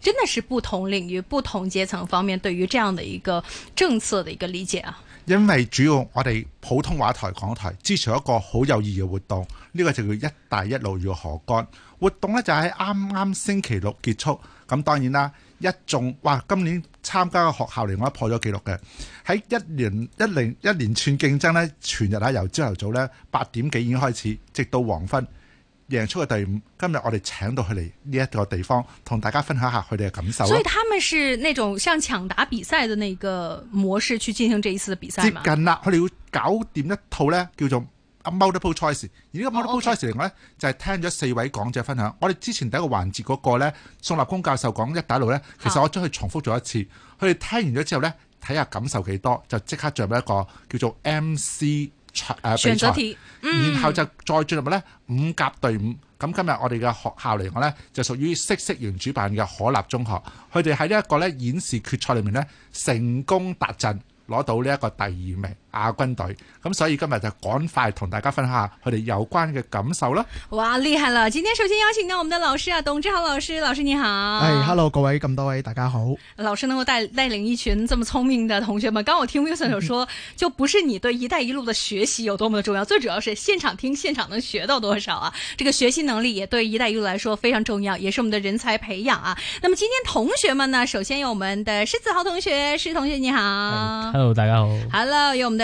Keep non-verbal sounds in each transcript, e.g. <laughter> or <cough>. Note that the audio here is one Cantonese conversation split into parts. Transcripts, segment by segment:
真的是不同領域、不同階層方面對於這樣的一個政策的一個理解啊！因為主要我哋普通話台，港台支持一個好有意義嘅活動，呢個就叫“一帶一路與何干”活動咧，就喺啱啱星期六結束。咁當然啦，一眾哇，今年參加嘅學校嚟講破咗記錄嘅，喺一連一連一連串競爭咧，全日啊由朝頭早咧八點幾已經開始，直到黃昏。贏出嘅隊伍，今日我哋請到佢嚟呢一個地方，同大家分享下佢哋嘅感受。所以他們是那種像搶答比賽嘅那個模式去進行這一次的比賽。接近啦，佢哋要搞掂一套咧，叫做 A multiple choice。而呢個 multiple choice 嚟講咧，oh, okay. 就係聽咗四位講者分享。我哋之前第一個環節嗰個咧，宋立功教授講一帶一路咧，其實我將佢重複咗一次。佢哋聽完咗之後咧，睇下感受幾多，就即刻進入一個叫做 MC。賽、呃、比賽，然後就再進入呢五甲隊伍。咁、嗯、今日我哋嘅學校嚟講呢就屬於嗇色園主辦嘅可立中學。佢哋喺呢一個呢演示決賽裏面呢成功達陣，攞到呢一個第二名。亞軍隊，咁所以今日就趕快同大家分享下佢哋有關嘅感受啦。哇，厲害啦！今天首先邀請到我們的老師啊，董志豪老師，老師你好。誒、哎、，hello 各位咁多位，大家好。老師能夠帶帶領一群這麼聰明的同學們，剛，剛我聽 Wilson 說，說 <laughs> 就不是你對一帶一路的學習有多麼重要，最主要是現場聽現場能學到多少啊！這個學習能力也對一帶一路來說非常重要，也是我們的人才培養啊。那麼今天同學們呢，首先有我們的施梓豪同學，施同學你好、嗯、，hello 大家好，hello 有我們的。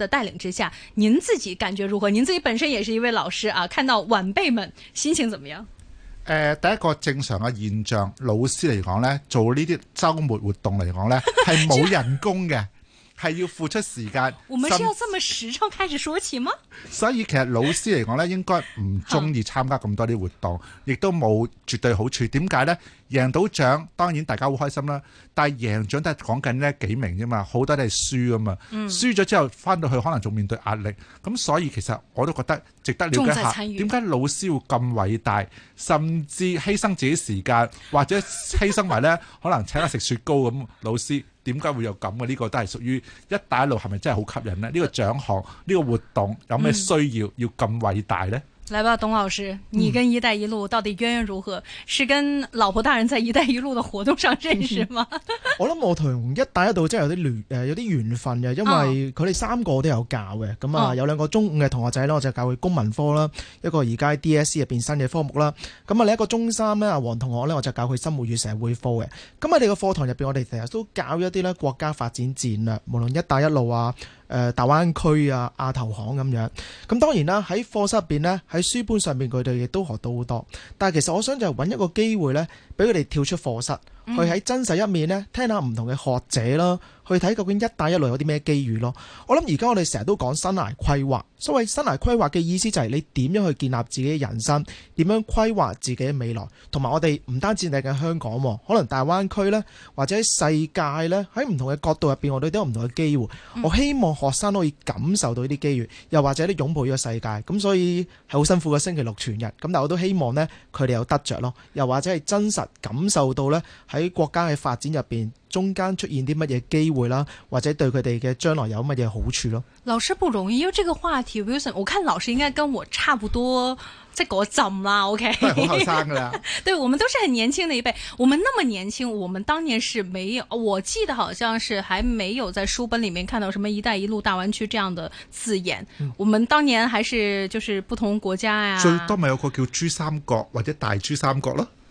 的帶領之下，您自己感覺如何？您自己本身也是一位老師啊，看到晚輩們心情怎麼樣？誒、呃，第一個正常嘅現象，老師嚟講咧，做呢啲周末活動嚟講咧，係冇人工嘅，係 <laughs> 要付出時間。 <laughs> 我們是要這麼實鐘開始說起嗎？ <laughs> 所以其實老師嚟講咧，應該唔中意參加咁多啲活動，亦 <laughs> 都冇絕對好處。點解咧？贏到獎當然大家好開心啦，但係贏獎都係講緊呢幾名啫嘛，好多都係輸㗎嘛、嗯。輸咗之後翻到去可能仲面對壓力，咁所以其實我都覺得值得了解一下，點解老師會咁偉大，甚至犧牲自己時間或者犧牲埋咧，可能請我食雪糕咁。老師點解會有咁嘅？呢、這個都係屬於一帶一路係咪真係好吸引呢？呢、這個獎項呢、這個活動有咩需要要咁偉大咧？來吧，董老師，你跟一帶一路到底淵源如何，嗯？是跟老婆大人在一帶一路的活動上認識嗎？ <laughs> 我諗我同一帶一路真係有啲緣誒，有啲緣分嘅，因為佢哋三個都有教嘅。咁，哦，啊有兩個中五嘅同學仔呢，我就教佢公民科啦，哦，一個而家 D S C 入邊新嘅科目啦，咁啊另一個中三呢，阿黃同學呢，我就教佢生活與社會科嘅，咁喺呢個課堂入邊，我哋成日都教一啲咧國家發展戰略，無論一帶一路啊。誒、呃、大灣區啊，亞投行咁樣，咁當然啦，喺課室入邊呢，喺書本上面，佢哋亦都學到好多。但係其實我想就揾一個機會呢，俾佢哋跳出課室。去喺真實一面呢，聽下唔同嘅學者啦，去睇究竟一帶一路有啲咩機遇咯。我諗而家我哋成日都講生涯規劃，所謂生涯規劃嘅意思就係你點樣去建立自己嘅人生，點樣規劃自己嘅未來。同埋我哋唔單止睇緊香港，可能大灣區呢，或者世界呢，喺唔同嘅角度入面，我哋都有唔同嘅機會。我希望學生可以感受到呢啲機遇，又或者都擁抱呢個世界。咁所以係好辛苦嘅星期六全日。咁但我都希望呢，佢哋有得着咯，又或者係真實感受到呢。喺。喺國家嘅發展入邊，中間出現啲乜嘢機會啦，或者對佢哋嘅將來有乜嘢好處咯？老師，不容易，因為這個話題，Wilson，我看老師應該跟我差不多在，即係嗰陣啦？OK，好後生㗎喇， <laughs> 對我們都是很年輕的一輩，我們那麼年輕，我們當年是沒有，我記得好像是還沒有在書本裡面看到什麼“一帶一路大灣區”這樣的字眼，嗯，我們當年還是就是不同國家呀、啊，最多咪有一個叫珠三角或者大珠三角咯。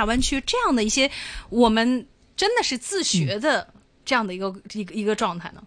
大灣區這樣的一些，我們真的是自學的這樣的一個一、嗯、一個狀態呢？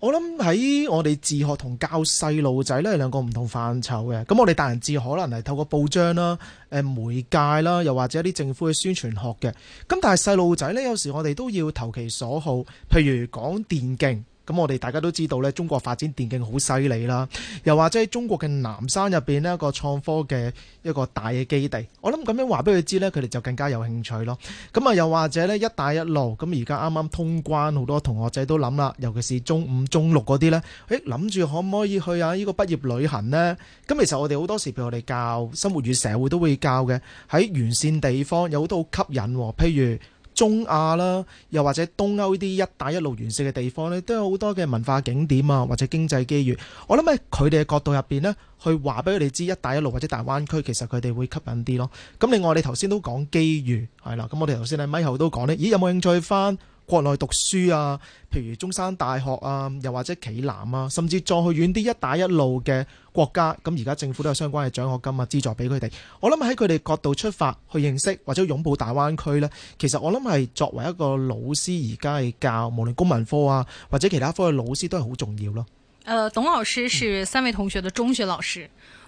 我諗喺我哋自學同教細路仔呢，兩個唔同範疇嘅。咁我哋大人自學可能係透過報章啦、誒媒介啦，又或者一啲政府嘅宣傳學嘅。咁但係細路仔呢，有時候我哋都要投其所好，譬如講電競。咁我哋大家都知道咧，中國發展電競好犀利啦。又或者喺中國嘅南山入面，呢一個創科嘅一個大嘅基地。我諗咁樣話俾佢知咧，佢哋就更加有興趣咯。咁啊，又或者咧，一帶一路咁而家啱啱通關，好多同學仔都諗啦，尤其是中五中六嗰啲咧，誒諗住可唔可以去下、啊、呢、呢個畢業旅行咧？咁其實我哋好多時譬如我哋教生活與社會都會教嘅，喺沿線地方有好多好吸引，譬如。中亞啦，又或者東歐呢啲「一帶一路」沿線嘅地方呢，都有好多嘅文化景點啊，或者經濟機遇。我諗喺佢哋嘅角度入面呢，去話俾佢哋知，「一帶一路」或者大灣區其實佢哋會吸引啲咯。咁另外，你頭先都講機遇係啦，咁我哋頭先喺咪後都講呢，咦有冇興趣翻？國內讀書啊，譬如中山大學啊，又或者暨南啊，甚至再去遠啲一帶一路嘅國家，咁而家政府都有相關嘅獎學金啊，資助俾佢哋。我諗喺佢哋角度出發，去認識或者擁抱大灣區呢。其實我諗係作為一個老師而家係教無論公民科啊或者其他科嘅老師都係好重要咯、呃。董老師是三位同學嘅中學老師。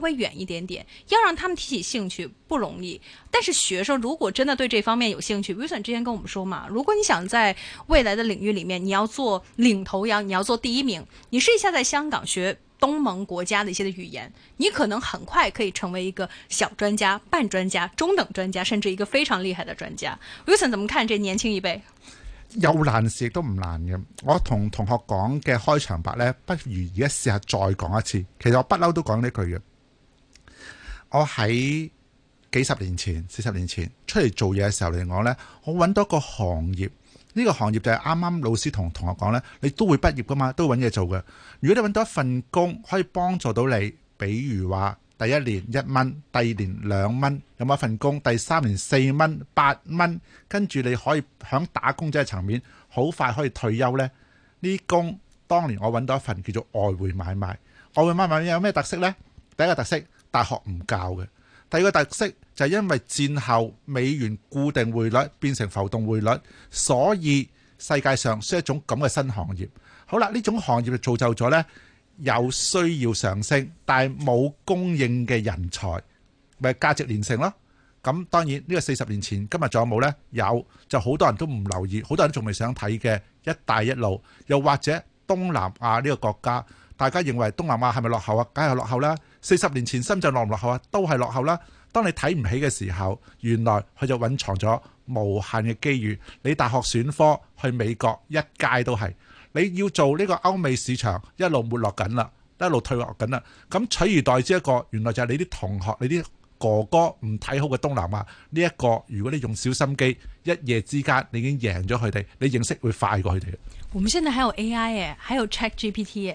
會遠一點點，要讓他們提起興趣不容易。但是學生如果真的對這方面有興趣，Wilson <music> 之前跟我們說嘛，如果你想在未來的領域裏面，你要做領頭羊，你要做第一名，你試一下在香港學東盟國家的一些的語言，你可能很快可以成為一個小專家、半專家、中等專家，甚至一個非常厲害的專家。Wilson 怎麼看這年輕一輩？有難事都唔難嘅。我同同學講嘅開場白呢，不如而家試下再講一次。其實我不嬲都講呢句嘅。我喺幾十年前、四十年前出嚟做嘢嘅時候嚟講呢，我揾到一個行業，呢個行業就係啱啱老師同同學講呢，你都會畢業噶嘛，都揾嘢做嘅。如果你揾到一份工，可以幫助到你，比如話第一年一蚊，第二年兩蚊，咁一份工，第三年四蚊、八蚊，跟住你可以響打工仔嘅層面，好快可以退休呢。呢工當年我揾到一份叫做外匯買賣，外匯買賣有咩特色呢？第一個特色。大學唔教嘅。第二個特色就係因為戰後美元固定匯率變成浮動匯率，所以世界上需要一種咁嘅新行業。好啦，呢種行業就造就咗呢有需要上升，但係冇供應嘅人才，咪價值連城咯。咁當然呢個四十年前，今日仲有冇呢？有，就好多人都唔留意，好多人都仲未想睇嘅一帶一路，又或者。東南亞呢個國家，大家認為東南亞係咪落後啊？梗係落後啦。四十年前深圳落唔落後啊？都係落後啦。當你睇唔起嘅時候，原來佢就蘊藏咗無限嘅機遇。你大學選科去美國一街都係，你要做呢個歐美市場一路沒落緊啦，一路退落緊啦。咁取而代之一個，原來就係你啲同學，你啲。哥哥唔睇好嘅東南亞呢一個，如果你用小心機，一夜之間你已經贏咗佢哋，你認識會快過佢哋。我們現在還有 AI 嘅，還有 ChatGPT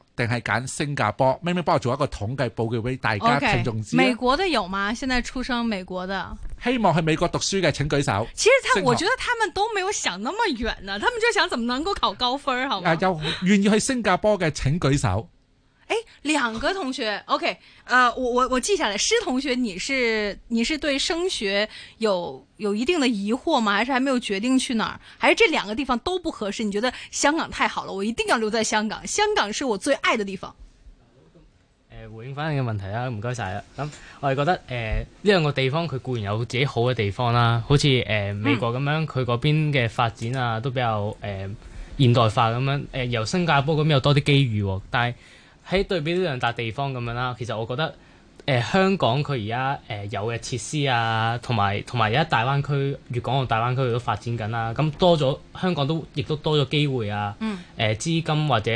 定係揀新加坡，明明幫我做一個統計報告俾大家聽眾知。Okay, 美國的有嗎？現在出生美國的。希望去美國讀書嘅，請舉手。其實他，我我覺得他們都沒有想那麼遠呢、啊，他們就想怎麼能夠考高分，好唔、呃、有願意去新加坡嘅，請舉手。哎，兩個同學 <laughs> ，OK，呃，我我我記下來。施同學，你是你是對升學有有一定的疑惑嗎？還是還沒有決定去哪兒？還是這兩個地方都不合適？你覺得香港太好了，我一定要留在香港。香港是我最愛的地方。呃、回應返你嘅問題啦、啊，唔該晒啦。咁我係覺得，誒、呃，呢兩個地方佢固然有自己好嘅地方啦、啊，好似誒、呃、美國咁樣，佢、嗯、嗰邊嘅發展啊都比較誒、呃、現代化咁樣、呃。由新加坡嗰邊又多啲機遇、啊，但係。喺對比呢兩笪地方咁樣啦，其實我覺得、呃、香港佢而家有嘅設施啊，同埋同埋而家大灣區、粵港澳大灣區佢都發展緊啦、啊，咁多咗香港都亦都多咗機會啊，誒、嗯呃、資金或者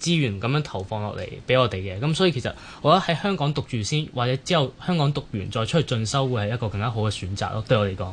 資源咁樣投放落嚟俾我哋嘅，咁所以其實我覺得喺香港讀住先，或者之後香港讀完再出去進修會係一個更加好嘅選擇咯，對我嚟講。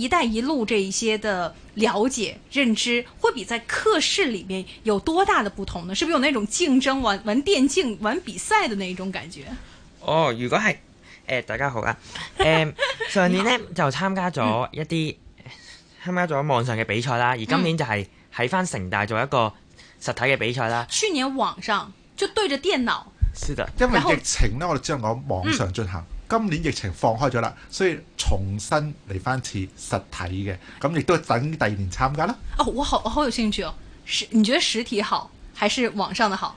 一帶一路這一些的了解認知，會比在課室裏面有多大的不同呢？是不是有那種競爭玩玩電競、玩比賽的那一種感覺？哦，如果係、呃、大家好啊，上、嗯、年呢就參加咗一啲參、 <laughs> 嗯、加咗網上嘅比賽啦，而今年就係喺返城大做一個實體嘅比賽啦、嗯。去年網上就對着電腦，是的，因為疫情呢，我哋只能講網上進行。今年疫情放開咗啦，所以重新嚟翻次實體嘅，咁亦都等第二年參加啦。哦，我好我好有興趣哦。實，你覺得實體好，還是網上的好？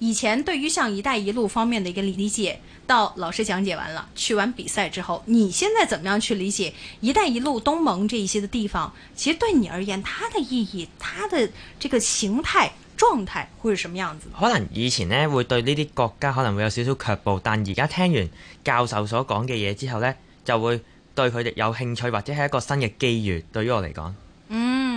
以前對於像“一帶一路”方面的一個理解，到老師講解完了，去完比賽之後，你現在怎麼樣去理解“一帶一路”、東盟這一些的地方？其實對你而言，它的意義、它的這個形態、狀態會是什麼樣子？可能以前呢會對呢啲國家可能會有少少卻步，但而家聽完教授所講嘅嘢之後呢，就會對佢哋有興趣或者係一個新嘅機遇。對於我嚟講。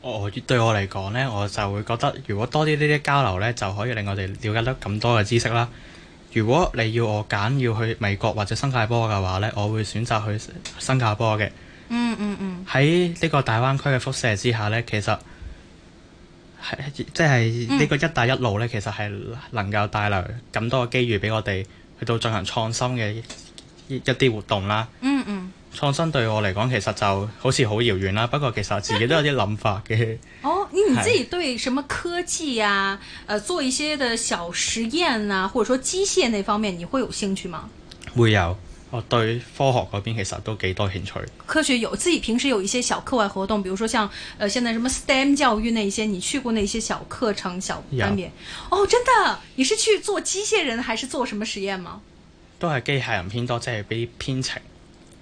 我對我嚟講呢，我就會覺得如果多啲呢啲交流呢，就可以令我哋了解得咁多嘅知識啦。如果你要我揀要去美國或者新加坡嘅話呢，我會選擇去新加坡嘅。嗯嗯嗯。喺呢個大灣區嘅輻射之下呢，其實即係呢個一帶一路呢，嗯、其實係能夠帶來咁多嘅機遇俾我哋去到進行創新嘅一啲活動啦。嗯創新對我嚟講其實就好似好遙遠啦，不過其實自己都有啲諗法嘅。哦、啊，你、oh, <laughs> 你自己對什麼科技啊，呃、做一些的小實驗啊，或者說機械那方面，你會有興趣嗎？會有，我對科學嗰邊其實都幾多興趣。科學有自己平時有一些小課外活動，比如說像、呃，現在什麼 STEM 教育那些，你去過那些小課程小方面？哦，oh, 真的，你是去做機械人還是做什麼實驗嗎？都係機械人偏多，即係比編程。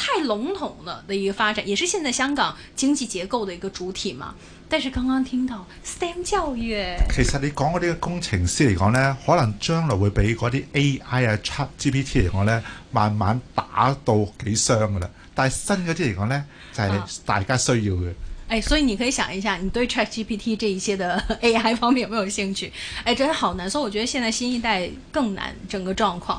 太籠統了的一個發展，也是現在香港經濟結構的一個主體嘛。但是剛剛聽到 STEM 教育，其實你講我這個工程師嚟講呢，可能將來會比嗰啲 AI 啊 Chat GPT 嚟講呢，慢慢打到幾傷噶啦。但係新嗰啲嚟講呢，就係、是、大家需要嘅、啊。哎，所以你可以想一下，你對 Chat GPT 這一些的 AI 方面有沒有興趣？哎，真係好難，所以我覺得現在新一代更難，整個狀況。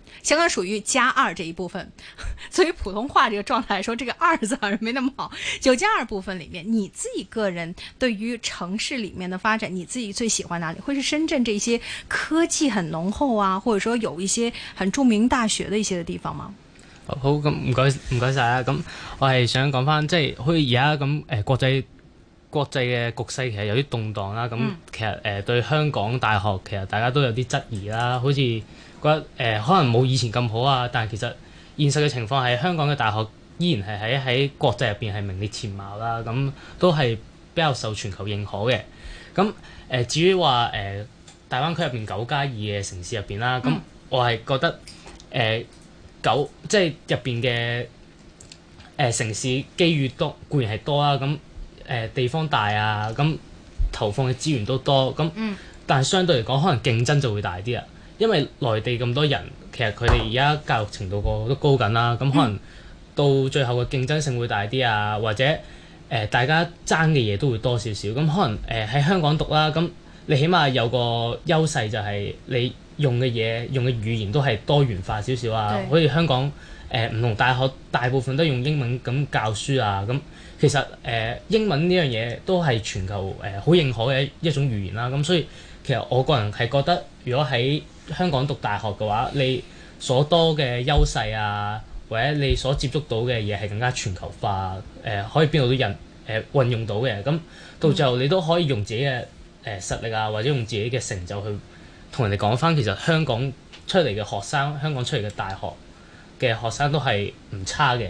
相當於屬於加二這一部分，所以普通話這個狀態來說，這個二字好像沒那麼好。九加二部分裏面，你自己個人對於城市裏面的發展，你自己最喜歡哪裏？會是深圳這些科技很濃厚啊，或者說有一些很著名大學的一些的地方嗎？好，咁唔該唔該晒啊！咁、嗯、我係想講翻，即係好似而家咁，誒、呃，國際國際嘅局勢其實有啲動蕩啦。咁其實誒、呃，對香港大學，其實大家都有啲質疑啦，好似。覺得誒、呃、可能冇以前咁好啊，但係其實現實嘅情況係香港嘅大學依然係喺喺國際入邊係名列前茅啦，咁、嗯、都係比較受全球認可嘅。咁、嗯、誒、呃、至於話誒、呃、大灣區入邊九加二嘅城市入邊啦，咁、嗯、我係覺得誒九即係入邊嘅誒城市機遇多固然係多啦、啊，咁、嗯、誒、呃、地方大啊，咁、嗯、投放嘅資源都多，咁、嗯嗯、但係相對嚟講可能競爭就會大啲啊。因為內地咁多人，其實佢哋而家教育程度個都高緊啦，咁可能到最後嘅競爭性會大啲啊，嗯、或者誒、呃、大家爭嘅嘢都會多少少，咁可能誒喺、呃、香港讀啦，咁你起碼有個優勢就係你用嘅嘢、用嘅語言都係多元化少少啊，好似香港誒唔、呃、同大學大部分都用英文咁教書啊，咁其實誒、呃、英文呢樣嘢都係全球誒好、呃、認可嘅一種語言啦，咁所以。其實我個人係覺得，如果喺香港讀大學嘅話，你所多嘅優勢啊，或者你所接觸到嘅嘢係更加全球化，呃、可以邊度都人誒、呃、運用到嘅，咁到最後你都可以用自己嘅誒實力啊，或者用自己嘅成就去同人哋講返，其實香港出嚟嘅學生，香港出嚟嘅大學嘅學生都係唔差嘅。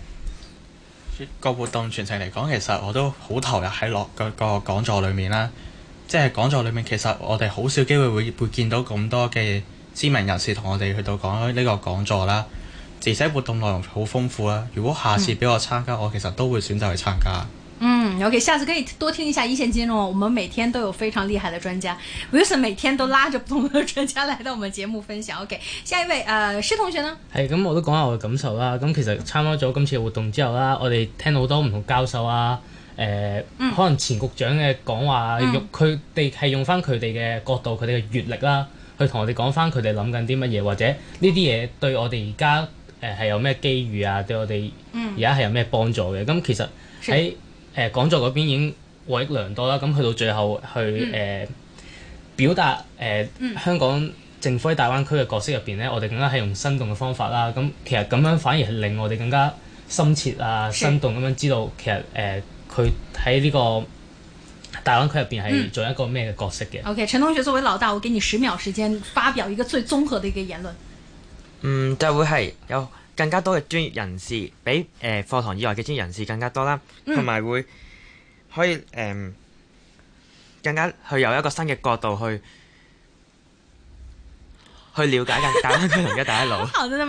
個活動全程嚟講，其實我都好投入喺落個個講座裏面啦。即係講座裏面，裡面其實我哋好少機會會會見到咁多嘅知名人士同我哋去到講呢個講座啦。而且活動內容好豐富呀。如果下次俾我參加，我其實都會選擇去參加。嗯，OK，下次可以多聽一下一線金融，我們每天都有非常厲害的專家，Wilson 每天都拉着不同的專家來到我們節目分享。OK，下一位，呃、施同學呢？係咁，我都講下我嘅感受啦。咁其實參加咗今次活動之後啦，我哋聽好多唔同教授啊，誒、呃嗯，可能前局長嘅講話，嗯、用佢哋係用翻佢哋嘅角度，佢哋嘅閱歷啦，去同我哋講翻佢哋諗緊啲乜嘢，或者呢啲嘢對我哋而家誒係有咩機遇啊？對我哋而家係有咩幫助嘅？咁、嗯嗯、其實喺誒、呃、講座嗰邊已經獲益良多啦，咁去到最後去誒、嗯呃、表達誒、呃嗯、香港政府喺大灣區嘅角色入邊咧，我哋更加係用生動嘅方法啦。咁、嗯、其實咁樣反而係令我哋更加深切啊、生動咁樣知道，其實誒佢喺呢個大灣區入邊係做一個咩嘅角色嘅。OK，嗯嗯、陳同學作為老大，我給你十秒時間發表一個最綜合嘅一個言論。嗯，就會係有。更加多嘅專業人士，比誒課堂以外嘅專業人士更加多啦，同埋會可以誒、呃、更加去由一個新嘅角度去去了解嘅《大灣區同一帶一路》。 <laughs>